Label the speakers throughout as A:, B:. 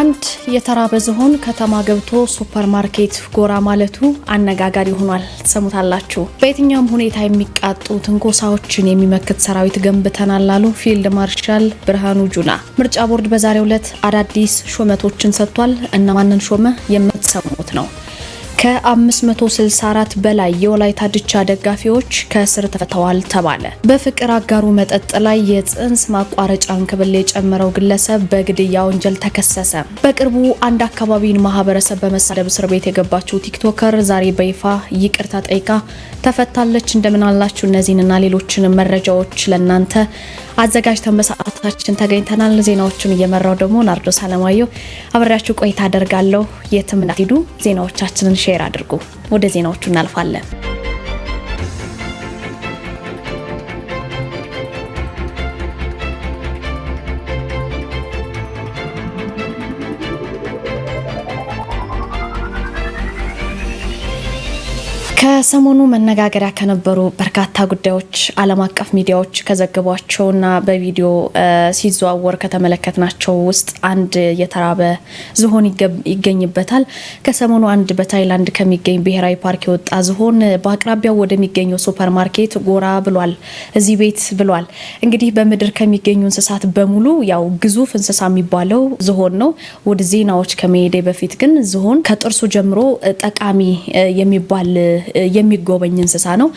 A: አንድ የተራበ ዝሆን ከተማ ገብቶ ሱፐርማርኬት ጎራ ማለቱ አነጋጋሪ ሆኗል። ትሰሙታላችሁ። በየትኛውም ሁኔታ የሚቃጡ ትንኮሳዎችን የሚመክት ሰራዊት ገንብተናል አሉ ፊልድ ማርሻል ብርሃኑ ጁላ። ምርጫ ቦርድ በዛሬው ዕለት አዳዲስ ሹመቶችን ሰጥቷል። እነማንን ሾመ? የምትሰሙት ነው። ከ564 በላይ የወላይታ ድቻ ደጋፊዎች ከእስር ተፈተዋል ተባለ። በፍቅር አጋሩ መጠጥ ላይ የጽንስ ማቋረጫ እንክብል የጨመረው ግለሰብ በግድያ ወንጀል ተከሰሰ። በቅርቡ አንድ አካባቢን ማህበረሰብ በመሳደብ እስር ቤት የገባችው ቲክቶከር ዛሬ በይፋ ይቅርታ ጠይቃ ተፈታለች። እንደምን አላችሁ? እነዚህንና ሌሎችን መረጃዎች ለእናንተ አዘጋጅተን በሰዓታችን ተገኝተናል። ዜናዎቹን እየመራው ደግሞ ናርዶ ሳለማየሁ አብሬያችሁ ቆይታ አደርጋለሁ። የትም እንዳትሄዱ ዜናዎቻችንን ሼር አድርጉ። ወደ ዜናዎቹ እናልፋለን። ከሰሞኑ መነጋገሪያ ከነበሩ በርካታ ጉዳዮች ዓለም አቀፍ ሚዲያዎች ከዘገቧቸውና በቪዲዮ ሲዘዋወር ከተመለከትናቸው ውስጥ አንድ የተራበ ዝሆን ይገኝበታል። ከሰሞኑ አንድ በታይላንድ ከሚገኝ ብሔራዊ ፓርክ የወጣ ዝሆን በአቅራቢያው ወደሚገኘው ሱፐር ማርኬት ጎራ ብሏል። እዚህ ቤት ብሏል። እንግዲህ በምድር ከሚገኙ እንስሳት በሙሉ ያው ግዙፍ እንስሳ የሚባለው ዝሆን ነው። ወደ ዜናዎች ከመሄዴ በፊት ግን ዝሆን ከጥርሱ ጀምሮ ጠቃሚ የሚባል የሚጎበኝ እንስሳ ነው።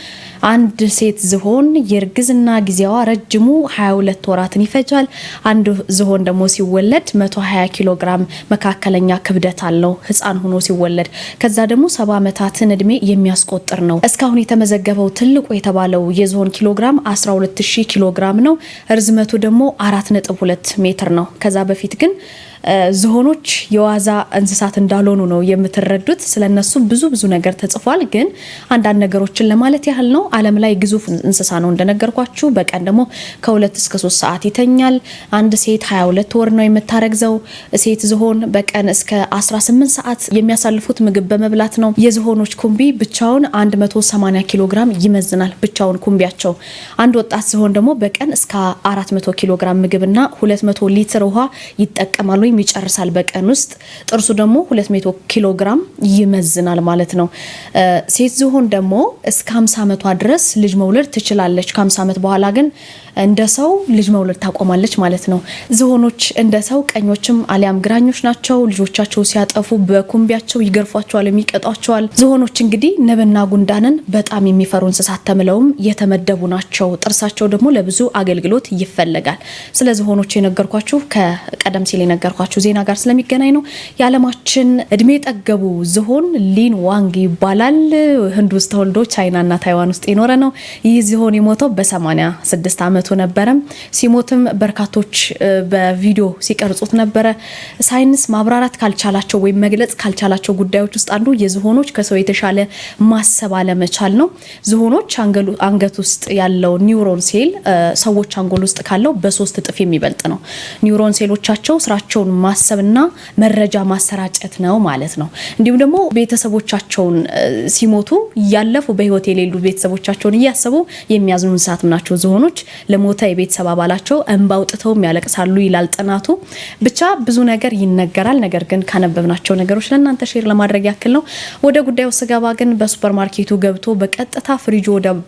A: አንድ ሴት ዝሆን የእርግዝና ጊዜዋ ረጅሙ 22 ወራትን ይፈጃል። አንድ ዝሆን ደግሞ ሲወለድ 120 ኪሎ ግራም መካከለኛ ክብደት አለው ህፃን ሆኖ ሲወለድ። ከዛ ደግሞ ሰባ ዓመታትን እድሜ የሚያስቆጥር ነው። እስካሁን የተመዘገበው ትልቁ የተባለው የዝሆን ኪሎ ግራም 12000 ኪሎ ግራም ነው። ርዝመቱ ደግሞ 4.2 ሜትር ነው። ከዛ በፊት ግን ዝሆኖች የዋዛ እንስሳት እንዳልሆኑ ነው የምትረዱት። ስለነሱ ብዙ ብዙ ነገር ተጽፏል። ግን አንዳንድ ነገሮችን ለማለት ያህል ነው። ዓለም ላይ ግዙፍ እንስሳ ነው እንደነገርኳችሁ። በቀን ደግሞ ከሁለት እስከ ሶስት ሰዓት ይተኛል። አንድ ሴት 22 ወር ነው የምታረግዘው። ሴት ዝሆን በቀን እስከ 18 ሰዓት የሚያሳልፉት ምግብ በመብላት ነው። የዝሆኖች ኩምቢ ብቻውን 180 ኪሎ ግራም ይመዝናል። ብቻውን ኩምቢያቸው። አንድ ወጣት ዝሆን ደግሞ በቀን እስከ 400 ኪሎ ግራም ምግብና 200 ሊትር ውሃ ይጠቀማሉ። ግራም ይጨርሳል በቀን ውስጥ። ጥርሱ ደግሞ 200 ኪሎ ግራም ይመዝናል ማለት ነው። ሴት ዝሆን ደግሞ እስከ 50 ዓመቷ ድረስ ልጅ መውለድ ትችላለች። ከ50 ዓመት በኋላ ግን እንደ ሰው ልጅ መውለድ ታቆማለች ማለት ነው። ዝሆኖች እንደ ሰው ቀኞችም አሊያም ግራኞች ናቸው። ልጆቻቸው ሲያጠፉ በኩምቢያቸው ይገርፏቸዋል፣ የሚቀጧቸዋል። ዝሆኖች እንግዲህ ንብና ጉንዳንን በጣም የሚፈሩ እንስሳት ተምለውም የተመደቡ ናቸው። ጥርሳቸው ደግሞ ለብዙ አገልግሎት ይፈለጋል። ስለ ዝሆኖች የነገርኳችሁ ከቀደም ሲል የነገርኳችሁ ካሰማኋችሁ ዜና ጋር ስለሚገናኝ ነው። የዓለማችን እድሜ ጠገቡ ዝሆን ሊን ዋንግ ይባላል። ህንድ ውስጥ ተወልዶ ቻይናና ታይዋን ውስጥ የኖረ ነው። ይህ ዝሆን የሞተው በ86 ዓመቱ ነበረም። ሲሞትም በርካቶች በቪዲዮ ሲቀርጹት ነበረ። ሳይንስ ማብራራት ካልቻላቸው ወይም መግለጽ ካልቻላቸው ጉዳዮች ውስጥ አንዱ የዝሆኖች ከሰው የተሻለ ማሰብ አለመቻል ነው። ዝሆኖች አንገት ውስጥ ያለው ኒውሮን ሴል ሰዎች አንጎል ውስጥ ካለው በሶስት እጥፍ የሚበልጥ ነው። ኒውሮን ሴሎቻቸው ስራቸው ልጆቻቸውን ማሰብና መረጃ ማሰራጨት ነው ማለት ነው። እንዲሁም ደግሞ ቤተሰቦቻቸውን ሲሞቱ እያለፉ በህይወት የሌሉ ቤተሰቦቻቸውን እያሰቡ የሚያዝኑ እንስሳት ናቸው ዝሆኖች። ለሞተ የቤተሰብ አባላቸው እንባ አውጥተውም ያለቅሳሉ ይላል ጥናቱ። ብቻ ብዙ ነገር ይነገራል። ነገር ግን ካነበብናቸው ነገሮች ለእናንተ ሼር ለማድረግ ያክል ነው። ወደ ጉዳዩ ስገባ ግን በሱፐርማርኬቱ ገብቶ በቀጥታ ፍሪጅ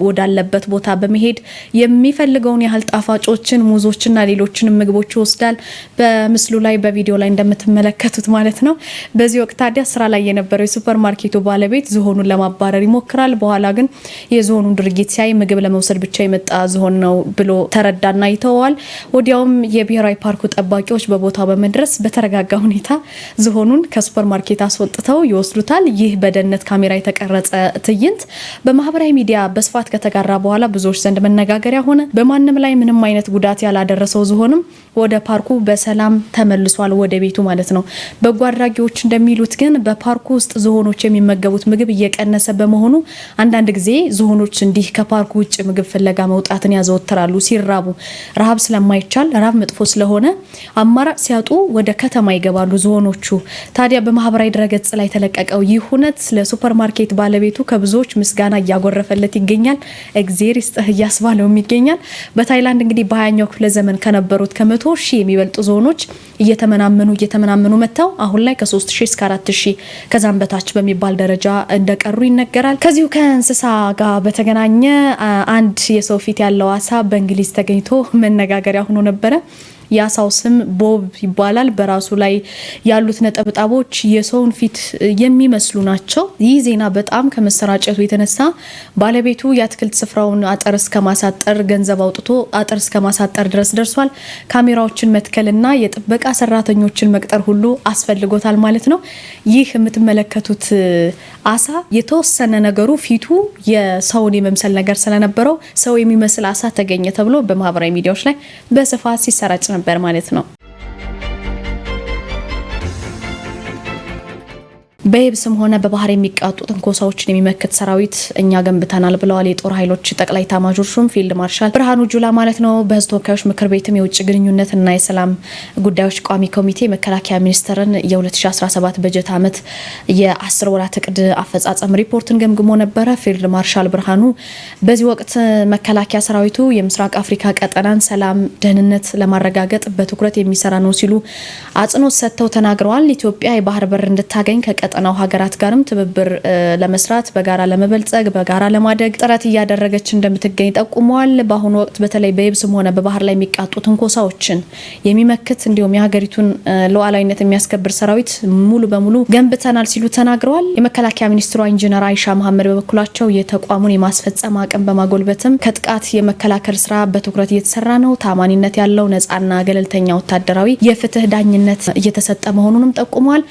A: ወዳለበት ቦታ በመሄድ የሚፈልገውን ያህል ጣፋጮችን፣ ሙዞችና ሌሎችን ምግቦች ይወስዳል። በምስሉ ላይ በቪዲዮ ላይ እንደምትመለከቱት ማለት ነው። በዚህ ወቅት ታዲያ ስራ ላይ የነበረው የሱፐር ማርኬቱ ባለቤት ዝሆኑን ለማባረር ይሞክራል። በኋላ ግን የዝሆኑን ድርጊት ሲያይ ምግብ ለመውሰድ ብቻ የመጣ ዝሆን ነው ብሎ ተረዳና ይተወዋል። ወዲያውም የብሔራዊ ፓርኩ ጠባቂዎች በቦታ በመድረስ በተረጋጋ ሁኔታ ዝሆኑን ከሱፐር ማርኬት አስወጥተው ይወስዱታል። ይህ በደህንነት ካሜራ የተቀረጸ ትዕይንት በማህበራዊ ሚዲያ በስፋት ከተጋራ በኋላ ብዙዎች ዘንድ መነጋገሪያ ሆነ። በማንም ላይ ምንም አይነት ጉዳት ያላደረሰው ዝሆንም ወደ ፓርኩ በሰላም ተመልሷል ወደ ቤቱ ማለት ነው። በጎ አድራጊዎች እንደሚሉት ግን በፓርኩ ውስጥ ዝሆኖች የሚመገቡት ምግብ እየቀነሰ በመሆኑ አንዳንድ ጊዜ ዝሆኖች እንዲህ ከፓርኩ ውጭ ምግብ ፍለጋ መውጣትን ያዘወትራሉ ሲራቡ። ረሃብ ስለማይቻል ረሃብ መጥፎ ስለሆነ አማራጭ ሲያጡ ወደ ከተማ ይገባሉ ዝሆኖቹ። ታዲያ በማህበራዊ ድረገጽ ላይ የተለቀቀው ይህ ሁነት ለሱፐርማርኬት ባለቤቱ ከብዙዎች ምስጋና እያጎረፈለት ይገኛል። እግዜር ይስጥህ እያስባለውም ይገኛል። በታይላንድ እንግዲህ በሀያኛው ክፍለ ዘመን ከነበሩት ከመቶ ከመቶ ሺህ የሚበልጡ ዞኖች እየተመናመኑ እየተመናመኑ መጥተው አሁን ላይ ከ 3000 እስከ 4 ከዛም በታች በሚባል ደረጃ እንደቀሩ ይነገራል። ከዚሁ ከእንስሳ ጋር በተገናኘ አንድ የሰው ፊት ያለው አሳ በእንግሊዝ ተገኝቶ መነጋገሪያ ሆኖ ነበረ። የአሳው ስም ቦብ ይባላል። በራሱ ላይ ያሉት ነጠብጣቦች የሰውን ፊት የሚመስሉ ናቸው። ይህ ዜና በጣም ከመሰራጨቱ የተነሳ ባለቤቱ የአትክልት ስፍራውን አጥር እስከ ማሳጠር ገንዘብ አውጥቶ አጥር እስከ ማሳጠር ድረስ ደርሷል። ካሜራዎችን መትከልና የጥበቃ ሰራተኞችን መቅጠር ሁሉ አስፈልጎታል ማለት ነው። ይህ የምትመለከቱት አሳ የተወሰነ ነገሩ ፊቱ የሰውን የመምሰል ነገር ስለነበረው ሰው የሚመስል አሳ ተገኘ ተብሎ በማህበራዊ ሚዲያዎች ላይ በስፋት ሲሰራጭ ነው ነበር ማለት ነው። በየብስም ሆነ በባህር የሚቃጡ ትንኮሳዎችን የሚመክት ሰራዊት እኛ ገንብተናል ብለዋል የጦር ኃይሎች ጠቅላይ ኤታማዦር ሹም ፊልድ ማርሻል ብርሃኑ ጁላ ማለት ነው። በህዝብ ተወካዮች ምክር ቤትም የውጭ ግንኙነትና የሰላም ጉዳዮች ቋሚ ኮሚቴ መከላከያ ሚኒስቴርን የ2017 በጀት ዓመት የ10 ወራት እቅድ አፈጻጸም ሪፖርትን ገምግሞ ነበረ። ፊልድ ማርሻል ብርሃኑ በዚህ ወቅት መከላከያ ሰራዊቱ የምስራቅ አፍሪካ ቀጠናን ሰላም፣ ደህንነት ለማረጋገጥ በትኩረት የሚሰራ ነው ሲሉ አጽንኦት ሰጥተው ተናግረዋል። ኢትዮጵያ የባህር በር እንድታገኝ ከቀጠ ከቀጠናው ሀገራት ጋርም ትብብር ለመስራት በጋራ ለመበልጸግ በጋራ ለማደግ ጥረት እያደረገች እንደምትገኝ ጠቁመዋል። በአሁኑ ወቅት በተለይ በየብስም ሆነ በባህር ላይ የሚቃጡ ትንኮሳዎችን የሚመክት እንዲሁም የሀገሪቱን ሉዓላዊነት የሚያስከብር ሰራዊት ሙሉ በሙሉ ገንብተናል ሲሉ ተናግረዋል። የመከላከያ ሚኒስትሯ ኢንጂነር አይሻ መሀመድ በበኩላቸው የተቋሙን የማስፈጸም አቅም በማጎልበትም ከጥቃት የመከላከል ስራ በትኩረት እየተሰራ ነው። ታማኒነት ያለው ነጻና ገለልተኛ ወታደራዊ የፍትህ ዳኝነት እየተሰጠ መሆኑንም ጠቁመዋል።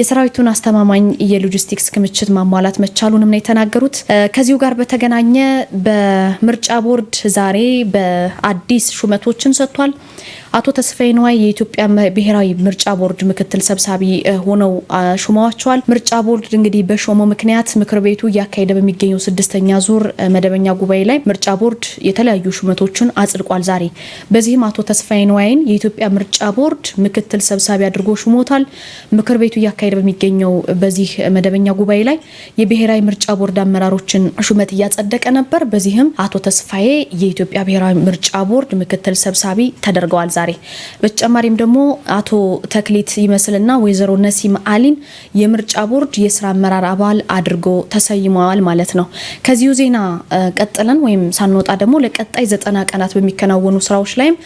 A: የሰራዊቱን አስተማማኝ አስተማማኝ የሎጂስቲክስ ክምችት ማሟላት መቻሉንም ነው የተናገሩት። ከዚሁ ጋር በተገናኘ በምርጫ ቦርድ ዛሬ በአዲስ ሹመቶችን ሰጥቷል። አቶ ተስፋዬ ንዋይ የኢትዮጵያ ብሔራዊ ምርጫ ቦርድ ምክትል ሰብሳቢ ሆነው ሹመዋቸዋል። ምርጫ ቦርድ እንግዲህ በሾመው ምክንያት ምክር ቤቱ እያካሄደ በሚገኘው ስድስተኛ ዙር መደበኛ ጉባኤ ላይ ምርጫ ቦርድ የተለያዩ ሹመቶችን አጽድቋል ዛሬ። በዚህም አቶ ተስፋዬ ንዋይን የኢትዮጵያ ምርጫ ቦርድ ምክትል ሰብሳቢ አድርጎ ሹሞታል። ምክር ቤቱ እያካሄደ በሚገኘው በዚህ መደበኛ ጉባኤ ላይ የብሔራዊ ምርጫ ቦርድ አመራሮችን ሹመት እያጸደቀ ነበር። በዚህም አቶ ተስፋዬ የኢትዮጵያ ብሔራዊ ምርጫ ቦርድ ምክትል ሰብሳቢ ተደርገዋል ዛሬ ዛሬ። በተጨማሪም ደግሞ አቶ ተክሊት ይመስልና ወይዘሮ ነሲም አሊን የምርጫ ቦርድ የስራ አመራር አባል አድርጎ ተሰይመዋል ማለት ነው። ከዚሁ ዜና ቀጥለን ወይም ሳንወጣ ደግሞ ለቀጣይ ዘጠና ቀናት በሚከናወኑ ስራዎች ላይም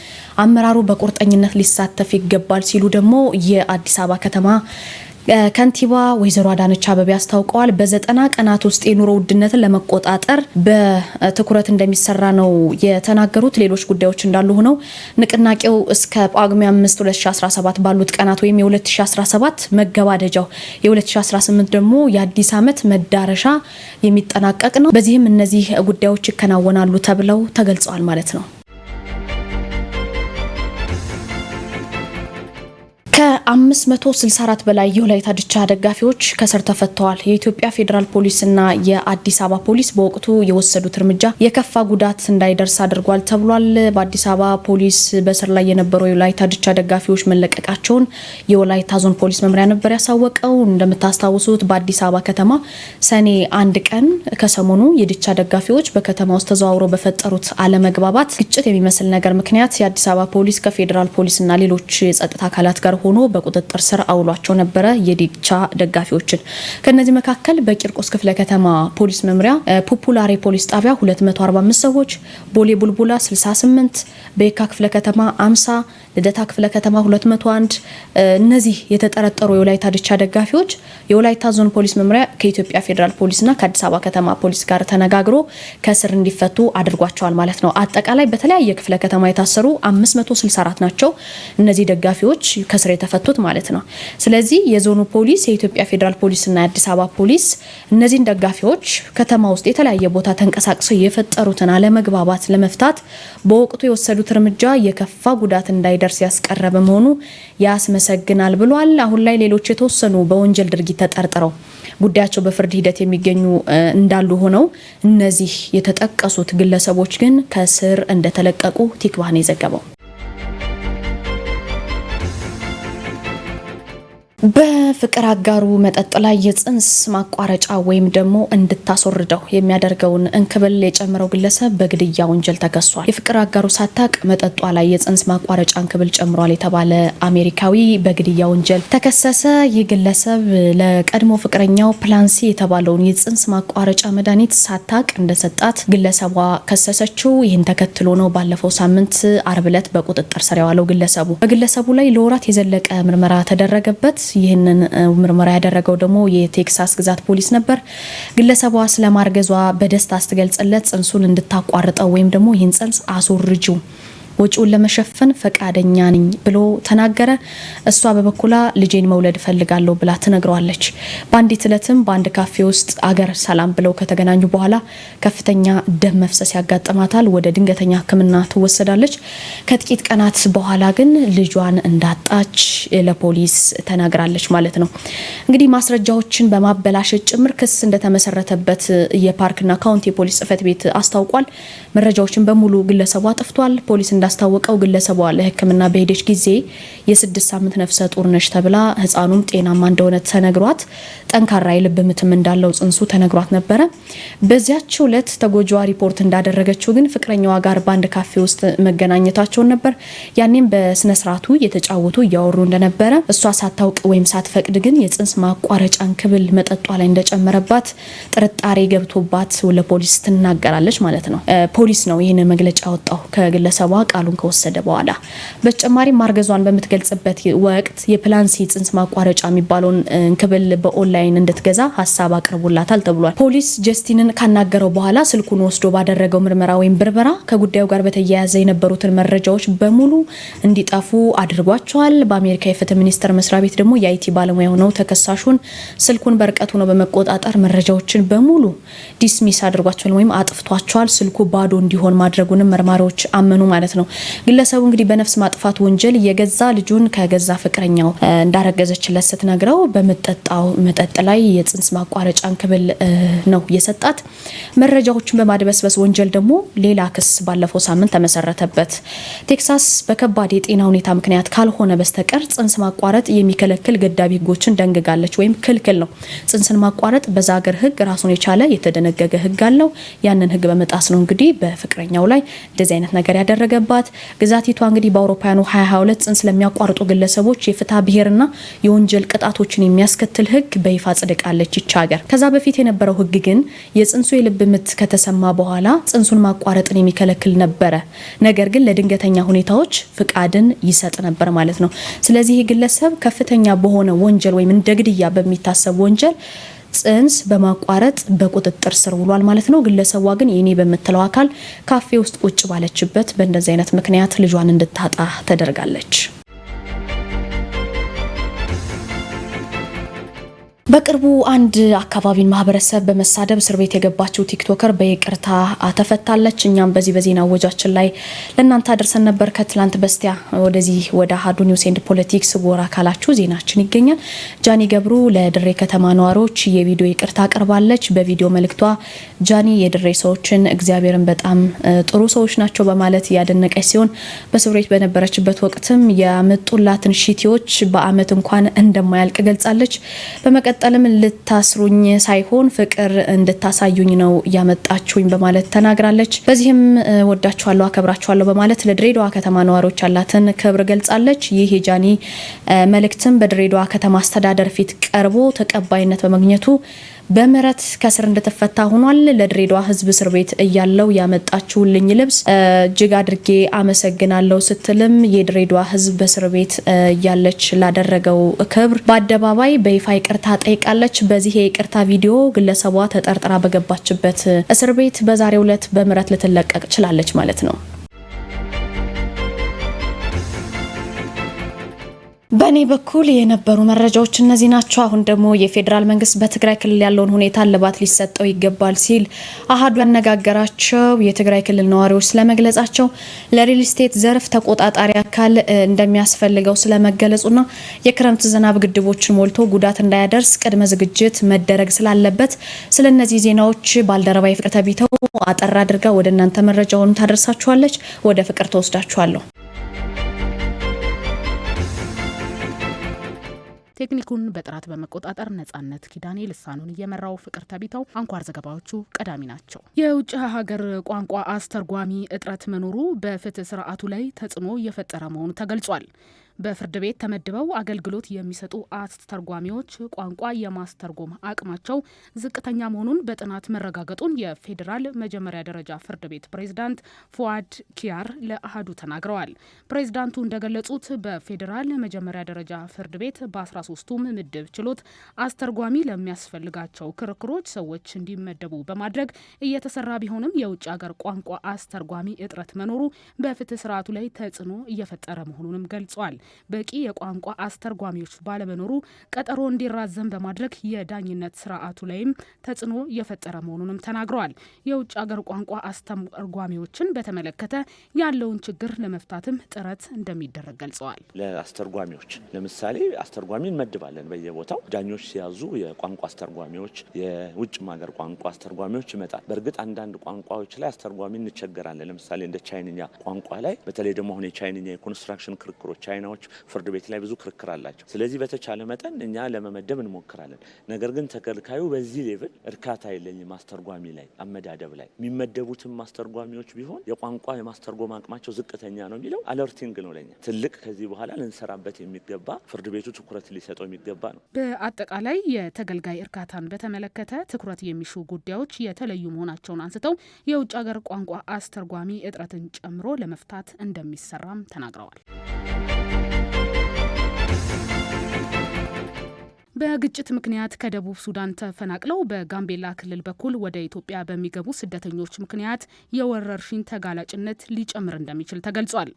A: አመራሩ በቁርጠኝነት ሊሳተፍ ይገባል ሲሉ ደግሞ የአዲስ አበባ ከተማ ከንቲባ ወይዘሮ አዳነች አበቤ አስታውቀዋል። በዘጠና ቀናት ውስጥ የኑሮ ውድነትን ለመቆጣጠር በትኩረት እንደሚሰራ ነው የተናገሩት። ሌሎች ጉዳዮች እንዳሉ ሆነው ንቅናቄው እስከ ጳጉሜ 5 2017 ባሉት ቀናት ወይም የ2017 መገባደጃው የ2018 ደግሞ የአዲስ ዓመት መዳረሻ የሚጠናቀቅ ነው። በዚህም እነዚህ ጉዳዮች ይከናወናሉ ተብለው ተገልጸዋል ማለት ነው። ከ564 በላይ የወላይታ ድቻ ደጋፊዎች ከስር ተፈተዋል። የኢትዮጵያ ፌዴራል ፖሊስና የአዲስ አበባ ፖሊስ በወቅቱ የወሰዱት እርምጃ የከፋ ጉዳት እንዳይደርስ አድርጓል ተብሏል። በአዲስ አበባ ፖሊስ በስር ላይ የነበሩ የወላይታ ድቻ ደጋፊዎች መለቀቃቸውን የወላይታ ዞን ፖሊስ መምሪያ ነበር ያሳወቀው። እንደምታስታውሱት በአዲስ አበባ ከተማ ሰኔ አንድ ቀን ከሰሞኑ የድቻ ደጋፊዎች በከተማ ውስጥ ተዘዋውረው በፈጠሩት አለመግባባት ግጭት የሚመስል ነገር ምክንያት የአዲስ አበባ ፖሊስ ከፌዴራል ፖሊስና ሌሎች የጸጥታ አካላት ጋር ሆኖ በቁጥጥር ስር አውሏቸው ነበረ የዲቻ ደጋፊዎችን። ከነዚህ መካከል በቂርቆስ ክፍለ ከተማ ፖሊስ መምሪያ ፖፑላሬ ፖሊስ ጣቢያ 245 ሰዎች፣ ቦሌ ቡልቡላ 68፣ በየካ ክፍለ ከተማ 50 ልደታ ክፍለ ከተማ 201 እነዚህ የተጠረጠሩ የወላይታ ድቻ ደጋፊዎች የወላይታ ዞን ፖሊስ መምሪያ ከኢትዮጵያ ፌዴራል ፖሊስና ከአዲስ አበባ ከተማ ፖሊስ ጋር ተነጋግሮ ከስር እንዲፈቱ አድርጓቸዋል ማለት ነው። አጠቃላይ በተለያየ ክፍለ ከተማ የታሰሩ 564 ናቸው እነዚህ ደጋፊዎች ከስር የተፈቱት ማለት ነው። ስለዚህ የዞኑ ፖሊስ የኢትዮጵያ ፌዴራል ፖሊስና የአዲስ አበባ ፖሊስ እነዚህን ደጋፊዎች ከተማ ውስጥ የተለያየ ቦታ ተንቀሳቅሰው የፈጠሩትን አለመግባባት ለመፍታት በወቅቱ የወሰዱት እርምጃ የከፋ ጉዳት እንዳይ ሳይደርስ ያስቀረ በመሆኑ ያስመሰግናል ብሏል። አሁን ላይ ሌሎች የተወሰኑ በወንጀል ድርጊት ተጠርጥረው ጉዳያቸው በፍርድ ሂደት የሚገኙ እንዳሉ ሆነው እነዚህ የተጠቀሱት ግለሰቦች ግን ከስር እንደተለቀቁ ቲክቫህ ነው የዘገበው። በፍቅር አጋሩ መጠጥ ላይ የጽንስ ማቋረጫ ወይም ደግሞ እንድታስወርደው የሚያደርገውን እንክብል የጨመረው ግለሰብ በግድያ ወንጀል ተከሷል። የፍቅር አጋሩ ሳታቅ መጠጧ ላይ የጽንስ ማቋረጫ እንክብል ጨምሯል የተባለ አሜሪካዊ በግድያ ወንጀል ተከሰሰ። ይህ ግለሰብ ለቀድሞ ፍቅረኛው ፕላንሲ የተባለውን የጽንስ ማቋረጫ መድኃኒት ሳታቅ እንደሰጣት ግለሰቧ ከሰሰችው። ይህን ተከትሎ ነው ባለፈው ሳምንት አርብ ዕለት በቁጥጥር ስር የዋለው ግለሰቡ በግለሰቡ ላይ ለወራት የዘለቀ ምርመራ ተደረገበት። ይህንን ምርመራ ያደረገው ደግሞ የቴክሳስ ግዛት ፖሊስ ነበር። ግለሰቧ ስለማርገዟ በደስታ ስትገልጽለት ጽንሱን እንድታቋርጠው ወይም ደግሞ ይህን ጽንስ አስወርጁ ወጪውን ለመሸፈን ፈቃደኛ ነኝ ብሎ ተናገረ። እሷ በበኩላ ልጄን መውለድ እፈልጋለሁ ብላ ትነግረዋለች። በአንዲት እለትም በአንድ ካፌ ውስጥ አገር ሰላም ብለው ከተገናኙ በኋላ ከፍተኛ ደም መፍሰስ ያጋጥማታል። ወደ ድንገተኛ ሕክምና ትወሰዳለች። ከጥቂት ቀናት በኋላ ግን ልጇን እንዳጣች ለፖሊስ ተናግራለች ማለት ነው። እንግዲህ ማስረጃዎችን በማበላሸት ጭምር ክስ እንደተመሰረተበት የፓርክና ካውንቲ የፖሊስ ጽሕፈት ቤት አስታውቋል። መረጃዎችን በሙሉ ግለሰቡ አጥፍቷል። ፖሊስ እንዳ እንዳስታወቀው ግለሰቧ ለሕክምና በሄደች ጊዜ የስድስት ሳምንት ነፍሰ ጡር ነች ተብላ ህፃኑም ጤናማ እንደሆነ ተነግሯት ጠንካራ የልብ ምትም እንዳለው ጽንሱ ተነግሯት ነበረ። በዚያች ዕለት ተጎጂዋ ሪፖርት እንዳደረገችው ግን ፍቅረኛዋ ጋር በአንድ ካፌ ውስጥ መገናኘታቸውን ነበር። ያኔም በስነስርዓቱ እየተጫወቱ እያወሩ እንደነበረ እሷ ሳታውቅ ወይም ሳትፈቅድ ግን የጽንስ ማቋረጫን ክብል መጠጧ ላይ እንደጨመረባት ጥርጣሬ ገብቶባት ለፖሊስ ትናገራለች ማለት ነው። ፖሊስ ነው ይህን መግለጫ ያወጣው ከግለሰቧ ቃሉን ከወሰደ በኋላ በተጨማሪም ማርገዟን በምትገልጽበት ወቅት የፕላን ሲ ጽንስ ማቋረጫ የሚባለውን እንክብል በኦንላይን እንድትገዛ ሀሳብ አቅርቦላታል ተብሏል። ፖሊስ ጀስቲንን ካናገረው በኋላ ስልኩን ወስዶ ባደረገው ምርመራ ወይም ብርበራ ከጉዳዩ ጋር በተያያዘ የነበሩትን መረጃዎች በሙሉ እንዲጠፉ አድርጓቸዋል። በአሜሪካ የፍትህ ሚኒስቴር መስሪያ ቤት ደግሞ የአይቲ ባለሙያ ሆነው ተከሳሹን ስልኩን በርቀቱ ነው በመቆጣጠር መረጃዎችን በሙሉ ዲስሚስ አድርጓቸዋል ወይም አጥፍቷቸዋል። ስልኩ ባዶ እንዲሆን ማድረጉንም መርማሪዎች አመኑ ማለት ነው። ነው። ግለሰቡ እንግዲህ በነፍስ ማጥፋት ወንጀል የገዛ ልጁን ከገዛ ፍቅረኛው እንዳረገዘችለት ስትነግረው በምጠጣው መጠጥ ላይ የጽንስ ማቋረጫን ክብል ነው የሰጣት። መረጃዎችን በማድበስበስ ወንጀል ደግሞ ሌላ ክስ ባለፈው ሳምንት ተመሰረተበት። ቴክሳስ በከባድ የጤና ሁኔታ ምክንያት ካልሆነ በስተቀር ጽንስ ማቋረጥ የሚከለክል ገዳቢ ህጎችን ደንግጋለች ወይም ክልክል ነው። ጽንስን ማቋረጥ በዛ ሀገር ህግ ራሱን የቻለ የተደነገገ ህግ አለው። ያንን ህግ በመጣስ ነው እንግዲህ በፍቅረኛው ላይ እንደዚህ አይነት ነገር ያደረገበት። አለባት። ግዛቲቷ እንግዲህ በአውሮፓውያኑ 22 ጽንስ ለሚያቋርጡ ግለሰቦች የፍትሐ ብሔርና የወንጀል ቅጣቶችን የሚያስከትል ህግ በይፋ ጽድቃለች ይች ሀገር። ከዛ በፊት የነበረው ህግ ግን የጽንሱ የልብ ምት ከተሰማ በኋላ ጽንሱን ማቋረጥን የሚከለክል ነበረ። ነገር ግን ለድንገተኛ ሁኔታዎች ፍቃድን ይሰጥ ነበር ማለት ነው። ስለዚህ ግለሰብ ከፍተኛ በሆነ ወንጀል ወይም እንደ ግድያ በሚታሰብ ወንጀል ጽንስ በማቋረጥ በቁጥጥር ስር ውሏል ማለት ነው። ግለሰቧ ግን የኔ በምትለው አካል ካፌ ውስጥ ቁጭ ባለችበት በእንደዚህ አይነት ምክንያት ልጇን እንድታጣ ተደርጋለች። በቅርቡ አንድ አካባቢን ማህበረሰብ በመሳደብ እስር ቤት የገባችው ቲክቶከር በይቅርታ ተፈታለች። እኛም በዚህ በዜና ወጃችን ላይ ለእናንተ አድርሰን ነበር። ከትላንት በስቲያ ወደዚህ ወደ አሀዱ ኒውስ ኤንድ ፖለቲክስ ጎራ ካላችሁ ዜናችን ይገኛል። ጃኒ ገብሩ ለድሬ ከተማ ነዋሪዎች የቪዲዮ ይቅርታ አቅርባለች። በቪዲዮ መልእክቷ ጃኒ የድሬ ሰዎችን እግዚአብሔርን በጣም ጥሩ ሰዎች ናቸው በማለት ያደነቀች ሲሆን በእስር ቤት በነበረችበት ወቅትም ያመጡላትን ሺቲዎች በአመት እንኳን እንደማያልቅ ገልጻለች። በመቀጠል በመቀጠልም ልታስሩኝ ሳይሆን ፍቅር እንድታሳዩኝ ነው እያመጣችሁኝ በማለት ተናግራለች። በዚህም ወዳችኋለሁ፣ አከብራችኋለሁ በማለት ለድሬዳዋ ከተማ ነዋሪዎች ያላትን ክብር ገልጻለች። ይህ የጃኒ መልእክትም በድሬዳዋ ከተማ አስተዳደር ፊት ቀርቦ ተቀባይነት በማግኘቱ በምህረት ከስር እንደተፈታ ሆኗል። ለድሬዳዋ ህዝብ እስር ቤት እያለው ያመጣችሁልኝ ልብስ እጅግ አድርጌ አመሰግናለሁ ስትልም የድሬዳዋ ህዝብ በእስር ቤት እያለች ላደረገው ክብር በአደባባይ በይፋ ይቅርታ ጠይቃለች። በዚህ የይቅርታ ቪዲዮ ግለሰቧ ተጠርጥራ በገባችበት እስር ቤት በዛሬው ዕለት በምህረት ልትለቀቅ ችላለች ማለት ነው። በእኔ በኩል የነበሩ መረጃዎች እነዚህ ናቸው። አሁን ደግሞ የፌዴራል መንግስት በትግራይ ክልል ያለውን ሁኔታ እልባት ሊሰጠው ይገባል ሲል አሀዱ ያነጋገራቸው የትግራይ ክልል ነዋሪዎች ስለመግለጻቸው፣ ለሪል ስቴት ዘርፍ ተቆጣጣሪ አካል እንደሚያስፈልገው ስለመገለጹና የክረምት ዝናብ ግድቦችን ሞልቶ ጉዳት እንዳያደርስ ቅድመ ዝግጅት መደረግ ስላለበት ስለ እነዚህ ዜናዎች ባልደረባ ፍቅርተ ተቢተው አጠር አድርጋ ወደ እናንተ መረጃውን ታደርሳችኋለች። ወደ ፍቅር ተወስዳችኋለሁ። ቴክኒኩን በጥራት በመቆጣጠር ነጻነት ኪዳኔ ልሳኑን እየመራው ፍቅር ተቢተው አንኳር ዘገባዎቹ ቀዳሚ ናቸው። የውጭ ሀገር ቋንቋ አስተርጓሚ እጥረት መኖሩ በፍትህ ስርዓቱ ላይ ተጽዕኖ እየፈጠረ መሆኑ ተገልጿል። በፍርድ ቤት ተመድበው አገልግሎት የሚሰጡ አስተርጓሚዎች ቋንቋ የማስተርጎም አቅማቸው ዝቅተኛ መሆኑን በጥናት መረጋገጡን የፌዴራል መጀመሪያ ደረጃ ፍርድ ቤት ፕሬዝዳንት ፉአድ ኪያር ለአህዱ ተናግረዋል። ፕሬዝዳንቱ እንደገለጹት በፌዴራል መጀመሪያ ደረጃ ፍርድ ቤት በ13ቱም ምድብ ችሎት አስተርጓሚ ለሚያስፈልጋቸው ክርክሮች ሰዎች እንዲመደቡ በማድረግ እየተሰራ ቢሆንም የውጭ ሀገር ቋንቋ አስተርጓሚ እጥረት መኖሩ በፍትህ ስርዓቱ ላይ ተጽዕኖ እየፈጠረ መሆኑንም ገልጿል። በቂ የቋንቋ አስተርጓሚዎች ባለመኖሩ ቀጠሮ እንዲራዘም በማድረግ የዳኝነት ስርዓቱ ላይም ተጽዕኖ የፈጠረ መሆኑንም ተናግረዋል። የውጭ ሀገር ቋንቋ አስተርጓሚዎችን በተመለከተ ያለውን ችግር ለመፍታትም ጥረት እንደሚደረግ ገልጸዋል።
B: ለአስተርጓሚዎች ለምሳሌ አስተርጓሚ እንመድባለን በየቦታው ዳኞች ሲያዙ የቋንቋ አስተርጓሚዎች የውጭ ሀገር ቋንቋ አስተርጓሚዎች ይመጣል። በእርግጥ አንዳንድ ቋንቋዎች ላይ አስተርጓሚ እንቸገራለን። ለምሳሌ እንደ ቻይንኛ ቋንቋ ላይ በተለይ ደግሞ አሁን የቻይንኛ የኮንስትራክሽን ክርክሮች ቻይናዎች ዳኞች ፍርድ ቤት ላይ ብዙ ክርክር አላቸው። ስለዚህ በተቻለ መጠን እኛ ለመመደብ እንሞክራለን። ነገር ግን ተከልካዩ በዚህ ሌቭል እርካታ የለኝ ማስተርጓሚ ላይ አመዳደብ ላይ የሚመደቡትን ማስተርጓሚዎች ቢሆን የቋንቋ የማስተርጎም አቅማቸው ዝቅተኛ ነው የሚለው አለርቲንግ ነው ለኛ ትልቅ ከዚህ በኋላ ልንሰራበት የሚገባ ፍርድ ቤቱ ትኩረት ሊሰጠው የሚገባ ነው።
A: በአጠቃላይ የተገልጋይ እርካታን በተመለከተ ትኩረት የሚሹ ጉዳዮች የተለዩ መሆናቸውን አንስተው የውጭ ሀገር ቋንቋ አስተርጓሚ እጥረትን ጨምሮ ለመፍታት እንደሚሰራም ተናግረዋል። በግጭት ምክንያት ከደቡብ ሱዳን ተፈናቅለው በጋምቤላ ክልል በኩል ወደ ኢትዮጵያ በሚገቡ ስደተኞች ምክንያት የወረርሽኝ ተጋላጭነት ሊጨምር እንደሚችል ተገልጿል።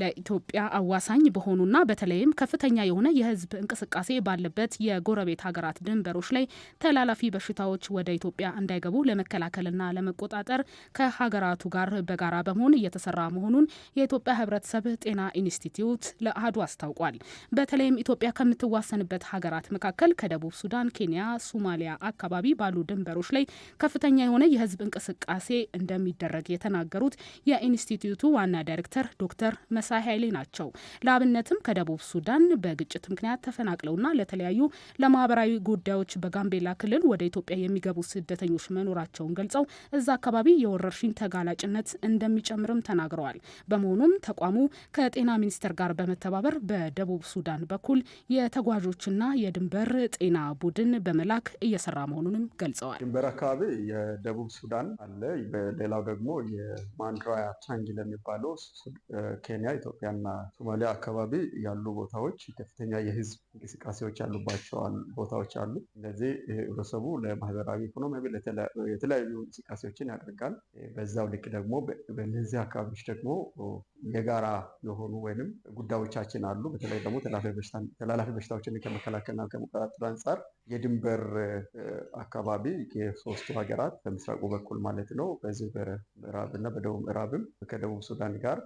A: ለኢትዮጵያ አዋሳኝ በሆኑና በተለይም ከፍተኛ የሆነ የህዝብ እንቅስቃሴ ባለበት የጎረቤት ሀገራት ድንበሮች ላይ ተላላፊ በሽታዎች ወደ ኢትዮጵያ እንዳይገቡ ለመከላከልና ለመቆጣጠር ከሀገራቱ ጋር በጋራ በመሆን እየተሰራ መሆኑን የኢትዮጵያ ህብረተሰብ ጤና ኢንስቲትዩት ለአህዱ አስታውቋል። በተለይም ኢትዮጵያ ከምትዋሰንበት ሀገራት መካከል ከደቡብ ሱዳን፣ ኬንያ፣ ሶማሊያ አካባቢ ባሉ ድንበሮች ላይ ከፍተኛ የሆነ የህዝብ እንቅስቃሴ እንደሚደረግ የተናገሩት የኢንስቲትዩቱ ዋና ዳይሬክተር ዶክተር መ ሲሳይ ኃይሌ ናቸው። ለአብነትም ከደቡብ ሱዳን በግጭት ምክንያት ተፈናቅለውና ለተለያዩ ለማህበራዊ ጉዳዮች በጋምቤላ ክልል ወደ ኢትዮጵያ የሚገቡ ስደተኞች መኖራቸውን ገልጸው እዛ አካባቢ የወረርሽኝ ተጋላጭነት እንደሚጨምርም ተናግረዋል። በመሆኑም ተቋሙ ከጤና ሚኒስቴር ጋር በመተባበር በደቡብ ሱዳን በኩል የተጓዦችና የድንበር ጤና ቡድን በመላክ እየሰራ መሆኑንም
B: ገልጸዋል። ድንበር አካባቢ የደቡብ ሱዳን አለ። ሌላው ደግሞ የማንድራያ ቻንጊል ለሚባለው ኬንያ ኢትዮጵያና ሶማሊያ አካባቢ ያሉ ቦታዎች ከፍተኛ የህዝብ እንቅስቃሴዎች ያሉባቸው ቦታዎች አሉ። እነዚህ ህብረተሰቡ ለማህበራዊ ኢኮኖሚያዊ፣ የተለያዩ እንቅስቃሴዎችን ያደርጋል። በዛው ልክ ደግሞ በእነዚህ አካባቢዎች ደግሞ የጋራ የሆኑ ወይንም ጉዳዮቻችን አሉ። በተለይ ደግሞ ተላላፊ በሽታዎችን ከመከላከልና ከመቆጣጠር አንጻር የድንበር አካባቢ የሶስቱ ሀገራት በምስራቁ በኩል ማለት ነው በዚህ እና በደቡብ ምዕራብም ከደቡብ ሱዳን ጋር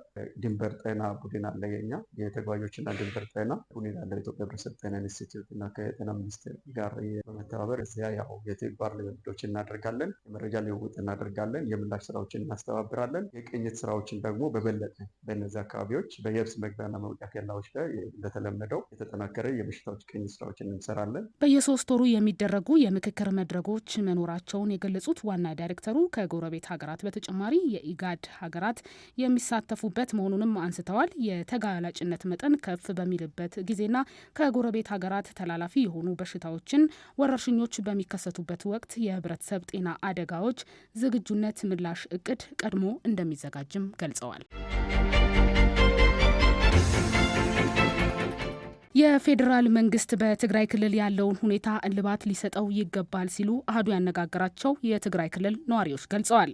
B: ድንበር ጤና ቡድን አለ የኛ የተጓዦችና ድንበር ጤና ቡድን አለ ኢትዮጵያ ህብረተሰብ ጤና ኢንስቲትዩት እና ከጤና ሚኒስቴር ጋር በመተባበር እዚያ ያው የተግባር ልምምዶች እናደርጋለን። የመረጃ ልውውጥ እናደርጋለን። የምላሽ ስራዎችን እናስተባብራለን። የቅኝት ስራዎችን ደግሞ በበለጠ በእነዚህ አካባቢዎች በየብስ መግቢያና መውጫ ኬላዎች ላይ እንደተለመደው የተጠናከረ የበሽታዎች ቅኝት ስራዎችን እንሰራለን።
A: በየሶስት ወሩ የሚደረጉ የምክክር መድረጎች መኖራቸውን የገለጹት ዋና ዳይሬክተሩ ከጎረቤት ሀገራት በተጨማሪ የኢጋድ ሀገራት የሚሳተፉበት መሆኑንም አንስ አስፍተዋል። የተጋላጭነት መጠን ከፍ በሚልበት ጊዜና ከጎረቤት ሀገራት ተላላፊ የሆኑ በሽታዎችን፣ ወረርሽኞች በሚከሰቱበት ወቅት የህብረተሰብ ጤና አደጋዎች ዝግጁነት ምላሽ እቅድ ቀድሞ እንደሚዘጋጅም ገልጸዋል። የፌዴራል መንግስት በትግራይ ክልል ያለውን ሁኔታ እልባት ሊሰጠው ይገባል ሲሉ አህዱ ያነጋገራቸው የትግራይ ክልል ነዋሪዎች ገልጸዋል።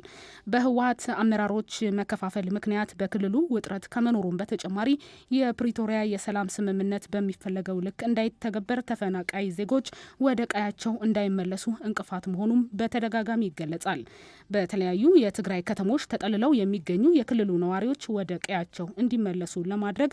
A: በህወሀት አመራሮች መከፋፈል ምክንያት በክልሉ ውጥረት ከመኖሩም በተጨማሪ የፕሪቶሪያ የሰላም ስምምነት በሚፈለገው ልክ እንዳይተገበር ተፈናቃይ ዜጎች ወደ ቀያቸው እንዳይመለሱ እንቅፋት መሆኑም በተደጋጋሚ ይገለጻል። በተለያዩ የትግራይ ከተሞች ተጠልለው የሚገኙ የክልሉ ነዋሪዎች ወደ ቀያቸው እንዲመለሱ ለማድረግ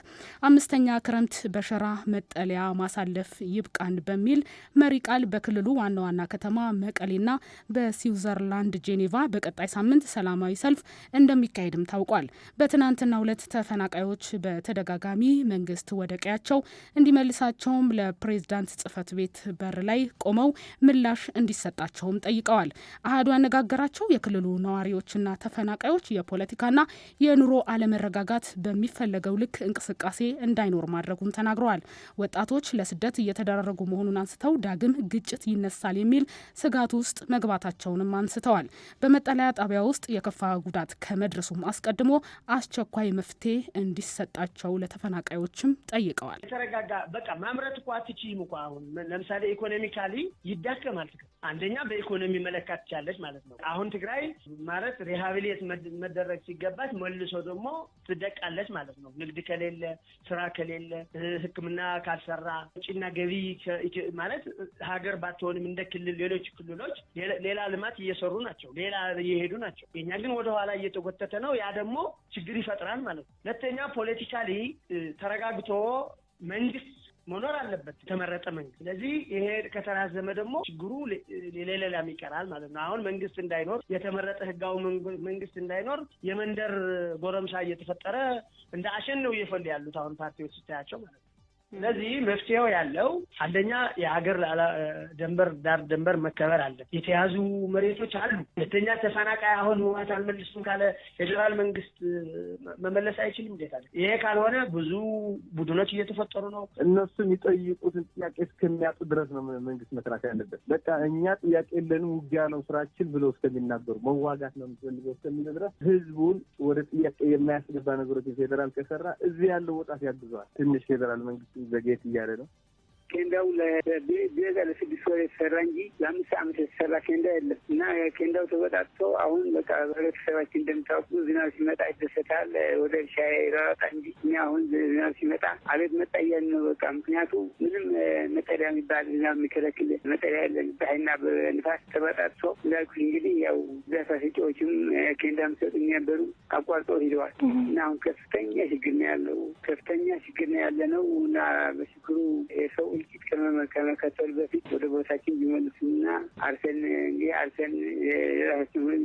A: አምስተኛ ክረምት በሸራ መጠለያ ማሳለፍ ይብቃን በሚል መሪ ቃል በክልሉ ዋና ዋና ከተማ መቀሌና በስዊዘርላንድ ጄኔቫ በቀጣይ ሳምንት ሰላማዊ ሰልፍ እንደሚካሄድም ታውቋል። በትናንትና ሁለት ተፈናቃዮች በተደጋጋሚ መንግስት ወደ ቀያቸው እንዲመልሳቸውም ለፕሬዝዳንት ጽህፈት ቤት በር ላይ ቆመው ምላሽ እንዲሰጣቸውም ጠይቀዋል። አህዱ ያነጋገራቸው የክልሉ ነዋሪዎችና ተፈናቃዮች የፖለቲካና የኑሮ አለመረጋጋት በሚፈለገው ልክ እንቅስቃሴ እንዳይኖር ማድረጉም ተናግረዋል። ወጣቶች ለስደት እየተደረጉ መሆኑን አንስተው ዳግም ግጭት ይነሳል የሚል ስጋት ውስጥ መግባታቸውንም አንስተዋል። በመጠለያ ጣቢያ ውስጥ የከፋ ጉዳት ከመድረሱም አስቀድሞ አስቸኳይ መፍትሄ እንዲሰጣቸው ለተፈናቃዮችም ጠይቀዋል። የተረጋጋ በቃ
C: ማምረት እኮ አትችይም እኮ አሁን ለምሳሌ ኢኮኖሚካሊ ይዳከማል። አንደኛ በኢኮኖሚ መለካት ቻለች ማለት ነው። አሁን ትግራይ ማለት ሪሃብሊት መደረግ ሲገባት መልሶ ደግሞ ትደቃለች ማለት ነው። ንግድ ከሌለ፣ ስራ ከሌለ፣ ሕክምና ካልሰራ ውጭና ገቢ ማለት ሀገር ባትሆንም እንደ ክልል ሌሎች ክልሎች ሌላ ልማት እየሰሩ ናቸው፣ ሌላ እየሄዱ ናቸው። የኛ ግን ወደኋላ እየተጎተተ ነው። ያ ደግሞ ችግር ይፈጥራል ማለት ነው። ሁለተኛ ፖለቲካሊ ተረጋግቶ መንግስት መኖር አለበት፣ የተመረጠ መንግስት። ስለዚህ ይሄ ከተራዘመ ደግሞ ችግሩ ሌላም ይቀራል ማለት ነው። አሁን መንግስት እንዳይኖር የተመረጠ ህጋዊ መንግስት እንዳይኖር የመንደር ጎረምሳ እየተፈጠረ እንደ አሸን ነው እየፈሉ ያሉት አሁን ፓርቲዎች ስታያቸው ማለት ነው። ስለዚህ መፍትሄው ያለው አንደኛ የሀገር ደንበር ዳር ደንበር መከበር አለ። የተያዙ መሬቶች አሉ። ሁለተኛ ተፈናቃይ አሁን ህወሓት አልመልሱም ካለ ፌዴራል መንግስት መመለስ አይችልም እንዴት አለ። ይሄ ካልሆነ ብዙ ቡድኖች እየተፈጠሩ ነው። እነሱ
B: የሚጠይቁትን ጥያቄ እስከሚያጡ ድረስ ነው መንግስት መከራከል ያለበት። በቃ እኛ ጥያቄ የለንም ውጊያ ነው ስራችን ብሎ እስከሚናገሩ መዋጋት ነው የምትፈልገው እስከሚል ድረስ ህዝቡን ወደ ጥያቄ የማያስገባ ነገሮች ፌዴራል ከሰራ እዚህ ያለው ወጣት ያግዘዋል። ትንሽ ፌዴራል መንግስት ዘጌት እያለ ነው። ኬንዳው ለቤዛ ለስድስት ወር የተሰራ እንጂ ለአምስት ዓመት የተሰራ ኬንዳ የለም እና ኬንዳው ተበጣጥቶ አሁን በቃ ህብረተሰባችን እንደምታወቁ ዝናብ ሲመጣ ይደሰታል፣ ወደ እርሻ ይራራጣ እንጂ እኛ አሁን ዝናብ ሲመጣ አቤት መጣ ነው። በቃ ምክንያቱ ምንም መጠሪያ የሚባል ዝናብ የሚከለክል መጠሪያ የለን። ፀሐይና በንፋስ ተበጣጥቶ እንዳልኩሽ እንግዲህ ያው ዛፋ ሰጪዎችም ኬንዳ ምሰጡ የሚያበሩ አቋርጦ ሂደዋል እና አሁን ከፍተኛ ችግር ነው ያለው። ከፍተኛ ችግር ነው ያለ ነው እና በችግሩ የሰው እልቂት ከመከተሉ በፊት ወደ ቦታችን ቢመልሱና አርሰን እንግዲህ አርሰን የራሳችን ሆን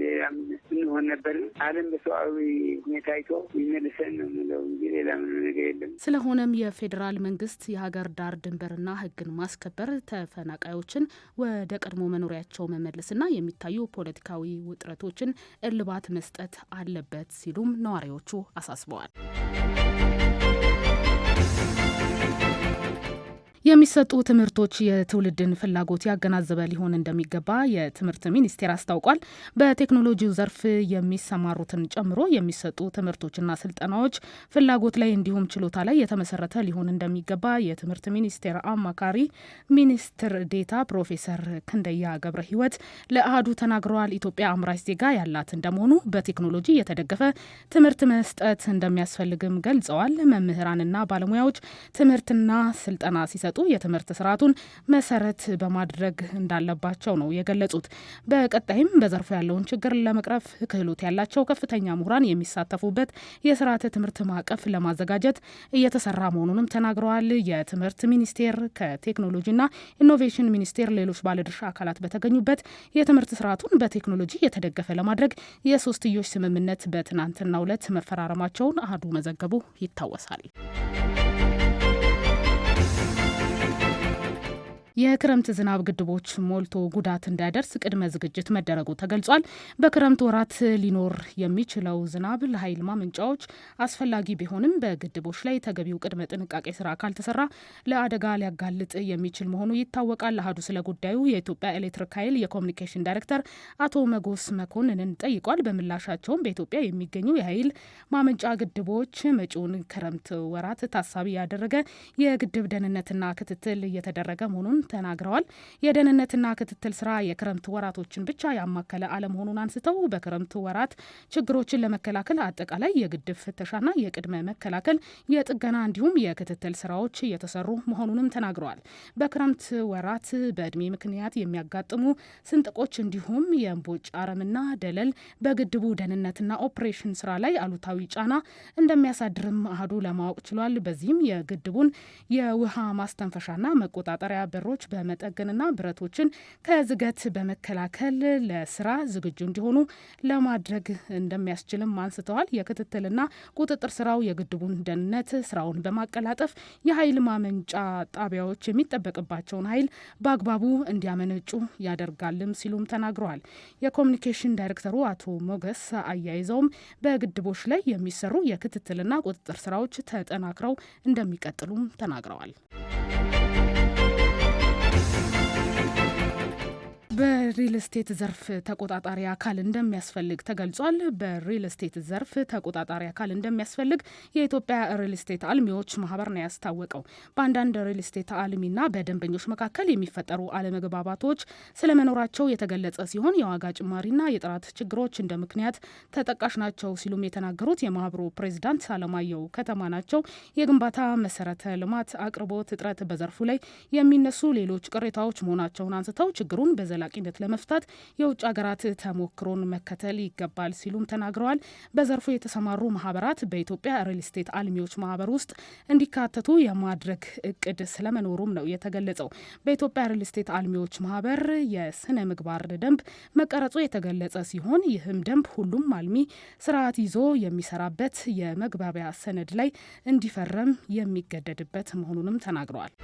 B: እንሆን ነበር። ዓለም በሰብአዊ ሁኔታ አይቶ ይመልሰን ነው ምለው እንጂ ሌላ ምንም ነገር የለም። ስለሆነም የፌዴራል መንግስት የሀገር ዳር
A: ድንበርና ህግን ማስከበር ተፈናቃዮችን ወደ ቀድሞ መኖሪያቸው መመለስና የሚታዩ ፖለቲካዊ ውጥረቶችን እልባት መስጠት አለበት ሲሉም ነዋሪዎቹ አሳስበዋል። Thank you. የሚሰጡ ትምህርቶች የትውልድን ፍላጎት ያገናዘበ ሊሆን እንደሚገባ የትምህርት ሚኒስቴር አስታውቋል። በቴክኖሎጂው ዘርፍ የሚሰማሩትን ጨምሮ የሚሰጡ ትምህርቶችና ስልጠናዎች ፍላጎት ላይ እንዲሁም ችሎታ ላይ የተመሰረተ ሊሆን እንደሚገባ የትምህርት ሚኒስቴር አማካሪ ሚኒስትር ዴታ ፕሮፌሰር ክንደያ ገብረ ሕይወት ለአህዱ ተናግረዋል። ኢትዮጵያ አምራች ዜጋ ያላት እንደመሆኑ በቴክኖሎጂ የተደገፈ ትምህርት መስጠት እንደሚያስፈልግም ገልጸዋል። መምህራንና ባለሙያዎች ትምህርትና ስልጠና ሲሰጡ የትምህርት ስርዓቱን መሰረት በማድረግ እንዳለባቸው ነው የገለጹት። በቀጣይም በዘርፉ ያለውን ችግር ለመቅረፍ ክህሎት ያላቸው ከፍተኛ ምሁራን የሚሳተፉበት የስርዓተ ትምህርት ማዕቀፍ ለማዘጋጀት እየተሰራ መሆኑንም ተናግረዋል። የትምህርት ሚኒስቴር ከቴክኖሎጂና ኢኖቬሽን ሚኒስቴር፣ ሌሎች ባለድርሻ አካላት በተገኙበት የትምህርት ስርዓቱን በቴክኖሎጂ የተደገፈ ለማድረግ የሶስትዮሽ ስምምነት በትናንትናው ዕለት መፈራረማቸውን አህዱ መዘገቡ ይታወሳል። የክረምት ዝናብ ግድቦች ሞልቶ ጉዳት እንዳያደርስ ቅድመ ዝግጅት መደረጉ ተገልጿል። በክረምት ወራት ሊኖር የሚችለው ዝናብ ለኃይል ማመንጫዎች አስፈላጊ ቢሆንም በግድቦች ላይ ተገቢው ቅድመ ጥንቃቄ ስራ ካልተሰራ ለአደጋ ሊያጋልጥ የሚችል መሆኑ ይታወቃል። አሀዱ ስለ ጉዳዩ የኢትዮጵያ ኤሌክትሪክ ኃይል የኮሚኒኬሽን ዳይሬክተር አቶ መጎስ መኮንንን ጠይቋል። በምላሻቸውም በኢትዮጵያ የሚገኙ የኃይል ማመንጫ ግድቦች መጪውን ክረምት ወራት ታሳቢ ያደረገ የግድብ ደህንነትና ክትትል እየተደረገ መሆኑን ተናግረዋል። የደህንነትና ክትትል ስራ የክረምት ወራቶችን ብቻ ያማከለ አለመሆኑን አንስተው በክረምት ወራት ችግሮችን ለመከላከል አጠቃላይ የግድብ ፍተሻና የቅድመ መከላከል፣ የጥገና እንዲሁም የክትትል ስራዎች እየተሰሩ መሆኑንም ተናግረዋል። በክረምት ወራት በእድሜ ምክንያት የሚያጋጥሙ ስንጥቆች እንዲሁም የእንቦጭ አረምና ደለል በግድቡ ደህንነትና ኦፕሬሽን ስራ ላይ አሉታዊ ጫና እንደሚያሳድርም አህዱ ለማወቅ ችሏል። በዚህም የግድቡን የውሃ ማስተንፈሻና መቆጣጠሪያ በሮች ችግሮች በመጠገንና ብረቶችን ከዝገት በመከላከል ለስራ ዝግጁ እንዲሆኑ ለማድረግ እንደሚያስችልም አንስተዋል። የክትትልና ቁጥጥር ስራው የግድቡን ደህንነት ስራውን በማቀላጠፍ የኃይል ማመንጫ ጣቢያዎች የሚጠበቅባቸውን ኃይል በአግባቡ እንዲያመነጩ ያደርጋልም ሲሉም ተናግረዋል። የኮሚኒኬሽን ዳይሬክተሩ አቶ ሞገስ አያይዘውም በግድቦች ላይ የሚሰሩ የክትትልና ቁጥጥር ስራዎች ተጠናክረው እንደሚቀጥሉም ተናግረዋል። በሪል ስቴት ዘርፍ ተቆጣጣሪ አካል እንደሚያስፈልግ ተገልጿል። በሪል ስቴት ዘርፍ ተቆጣጣሪ አካል እንደሚያስፈልግ የኢትዮጵያ ሪል ስቴት አልሚዎች ማህበር ነው ያስታወቀው። በአንዳንድ ሪል ስቴት አልሚና በደንበኞች መካከል የሚፈጠሩ አለመግባባቶች ስለመኖራቸው የተገለጸ ሲሆን የዋጋ ጭማሪና የጥራት ችግሮች እንደ ምክንያት ተጠቃሽ ናቸው ሲሉም የተናገሩት የማህበሩ ፕሬዚዳንት አለማየሁ ከተማ ናቸው። የግንባታ መሰረተ ልማት አቅርቦት እጥረት በዘርፉ ላይ የሚነሱ ሌሎች ቅሬታዎች መሆናቸውን አንስተው ችግሩን በዘላ በዘላቂነት ለመፍታት የውጭ ሀገራት ተሞክሮን መከተል ይገባል ሲሉም ተናግረዋል። በዘርፉ የተሰማሩ ማህበራት በኢትዮጵያ ሪል ስቴት አልሚዎች ማህበር ውስጥ እንዲካተቱ የማድረግ እቅድ ስለመኖሩም ነው የተገለጸው። በኢትዮጵያ ሪል ስቴት አልሚዎች ማህበር የስነ ምግባር ደንብ መቀረጹ የተገለጸ ሲሆን ይህም ደንብ ሁሉም አልሚ ስርዓት ይዞ የሚሰራበት የመግባቢያ ሰነድ ላይ እንዲፈረም የሚገደድበት መሆኑንም ተናግረዋል።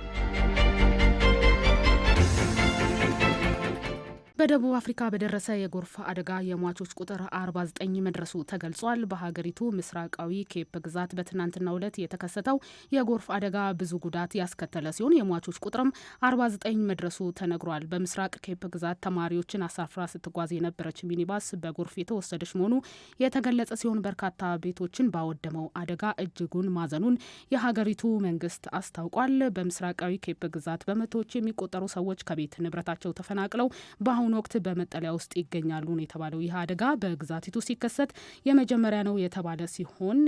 A: በደቡብ አፍሪካ በደረሰ የጎርፍ አደጋ የሟቾች ቁጥር 49 መድረሱ ተገልጿል። በሀገሪቱ ምስራቃዊ ኬፕ ግዛት በትናንትናው ዕለት የተከሰተው የጎርፍ አደጋ ብዙ ጉዳት ያስከተለ ሲሆን የሟቾች ቁጥርም 49 መድረሱ ተነግሯል። በምስራቅ ኬፕ ግዛት ተማሪዎችን አሳፍራ ስትጓዝ የነበረች ሚኒባስ በጎርፍ የተወሰደች መሆኑ የተገለጸ ሲሆን በርካታ ቤቶችን ባወደመው አደጋ እጅጉን ማዘኑን የሀገሪቱ መንግስት አስታውቋል። በምስራቃዊ ኬፕ ግዛት በመቶዎች የሚቆጠሩ ሰዎች ከቤት ንብረታቸው ተፈናቅለው በአሁኑ በአሁኑ ወቅት በመጠለያ ውስጥ ይገኛሉ ነው የተባለው። ይህ አደጋ በግዛቲቱ ሲከሰት የመጀመሪያ ነው የተባለ ሲሆን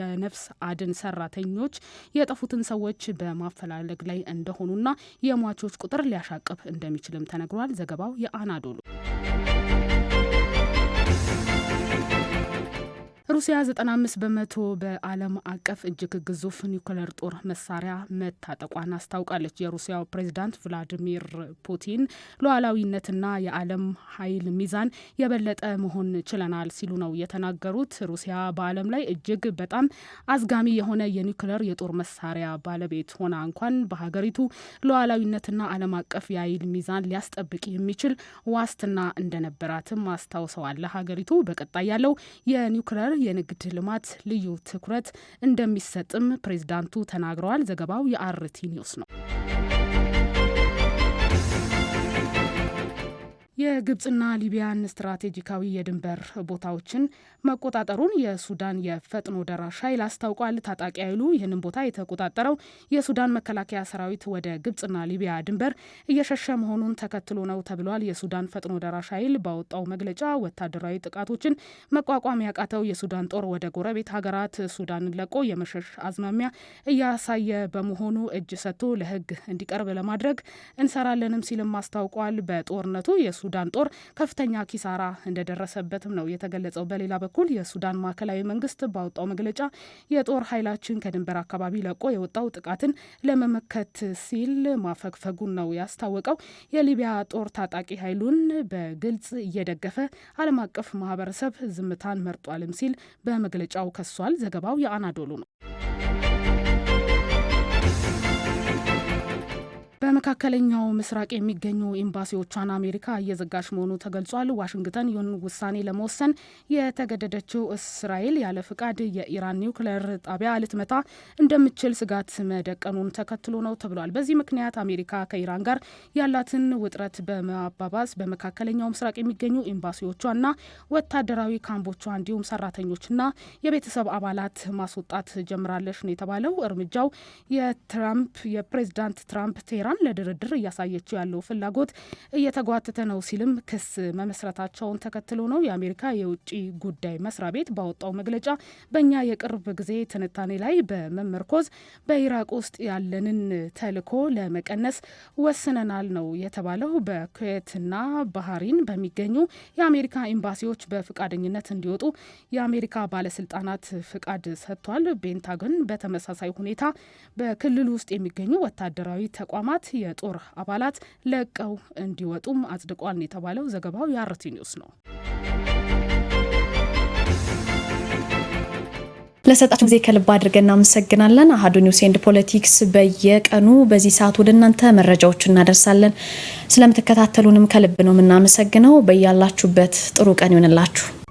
A: የነፍስ አድን ሰራተኞች የጠፉትን ሰዎች በማፈላለግ ላይ እንደሆኑና የሟቾች ቁጥር ሊያሻቅብ እንደሚችልም ተነግሯል። ዘገባው የአናዶሉ ሩሲያ 95 በመቶ በዓለም አቀፍ እጅግ ግዙፍ ኒውክለር ጦር መሳሪያ መታጠቋን አስታውቃለች። የሩሲያው ፕሬዚዳንት ቭላዲሚር ፑቲን ሉዓላዊነትና የዓለም ኃይል ሚዛን የበለጠ መሆን ችለናል ሲሉ ነው የተናገሩት። ሩሲያ በዓለም ላይ እጅግ በጣም አዝጋሚ የሆነ የኒውክለር የጦር መሳሪያ ባለቤት ሆና እንኳን በሀገሪቱ ሉዓላዊነትና ዓለም አቀፍ የኃይል ሚዛን ሊያስጠብቅ የሚችል ዋስትና እንደነበራትም አስታውሰዋል። ሀገሪቱ በቀጣይ ያለው የኒውክለር የንግድ ልማት ልዩ ትኩረት እንደሚሰጥም ፕሬዚዳንቱ ተናግረዋል። ዘገባው የአርቲ ኒውስ ነው። የግብጽና ሊቢያን ስትራቴጂካዊ የድንበር ቦታዎችን መቆጣጠሩን የሱዳን የፈጥኖ ደራሽ ኃይል አስታውቋል። ታጣቂ ኃይሉ ይህንን ቦታ የተቆጣጠረው የሱዳን መከላከያ ሰራዊት ወደ ግብጽና ሊቢያ ድንበር እየሸሸ መሆኑን ተከትሎ ነው ተብሏል። የሱዳን ፈጥኖ ደራሽ ኃይል ባወጣው መግለጫ ወታደራዊ ጥቃቶችን መቋቋም ያቃተው የሱዳን ጦር ወደ ጎረቤት ሀገራት ሱዳንን ለቆ የመሸሽ አዝማሚያ እያሳየ በመሆኑ እጅ ሰጥቶ ለሕግ እንዲቀርብ ለማድረግ እንሰራለንም ሲልም አስታውቋል። በጦርነቱ የሱዳን ጦር ከፍተኛ ኪሳራ እንደደረሰበትም ነው የተገለጸው። በሌላ በኩል የሱዳን ማዕከላዊ መንግስት ባወጣው መግለጫ የጦር ኃይላችን ከድንበር አካባቢ ለቆ የወጣው ጥቃትን ለመመከት ሲል ማፈግፈጉን ነው ያስታወቀው። የሊቢያ ጦር ታጣቂ ኃይሉን በግልጽ እየደገፈ ዓለም አቀፍ ማህበረሰብ ዝምታን መርጧልም ሲል በመግለጫው ከሷል። ዘገባው የአናዶሉ ነው። በመካከለኛው ምስራቅ የሚገኙ ኤምባሲዎቿን አሜሪካ እየዘጋች መሆኑ ተገልጿል። ዋሽንግተን ይህን ውሳኔ ለመወሰን የተገደደችው እስራኤል ያለ ፍቃድ የኢራን ኒውክሌር ጣቢያ ልትመታ እንደምችል ስጋት መደቀኑን ተከትሎ ነው ተብሏል። በዚህ ምክንያት አሜሪካ ከኢራን ጋር ያላትን ውጥረት በማባባስ በመካከለኛው ምስራቅ የሚገኙ ኤምባሲዎቿና ወታደራዊ ካምቦቿ እንዲሁም ሰራተኞችና የቤተሰብ አባላት ማስወጣት ጀምራለች ነው የተባለው። እርምጃው የትራምፕ የፕሬዚዳንት ትራምፕ ቴህራን ኢራን ለድርድር እያሳየችው ያለው ፍላጎት እየተጓተተ ነው ሲልም ክስ መመስረታቸውን ተከትሎ ነው የአሜሪካ የውጭ ጉዳይ መስሪያ ቤት ባወጣው መግለጫ በእኛ የቅርብ ጊዜ ትንታኔ ላይ በመመርኮዝ በኢራቅ ውስጥ ያለንን ተልዕኮ ለመቀነስ ወስነናል ነው የተባለው። በኩዌትና ባህሪን በሚገኙ የአሜሪካ ኤምባሲዎች በፍቃደኝነት እንዲወጡ የአሜሪካ ባለስልጣናት ፍቃድ ሰጥቷል። ቤንታግን በተመሳሳይ ሁኔታ በክልሉ ውስጥ የሚገኙ ወታደራዊ ተቋማት አራት የጦር አባላት ለቀው እንዲወጡም አጽድቋል የተባለው። ዘገባው የአርቲ ኒውስ ነው። ለሰጣችሁ ጊዜ ከልብ አድርገን እናመሰግናለን። አሀዱ ኒውስ ኤንድ ፖለቲክስ በየቀኑ በዚህ ሰዓት ወደ እናንተ መረጃዎች እናደርሳለን። ስለምትከታተሉንም ከልብ ነው የምናመሰግነው። በያላችሁበት ጥሩ ቀን ይሆንላችሁ።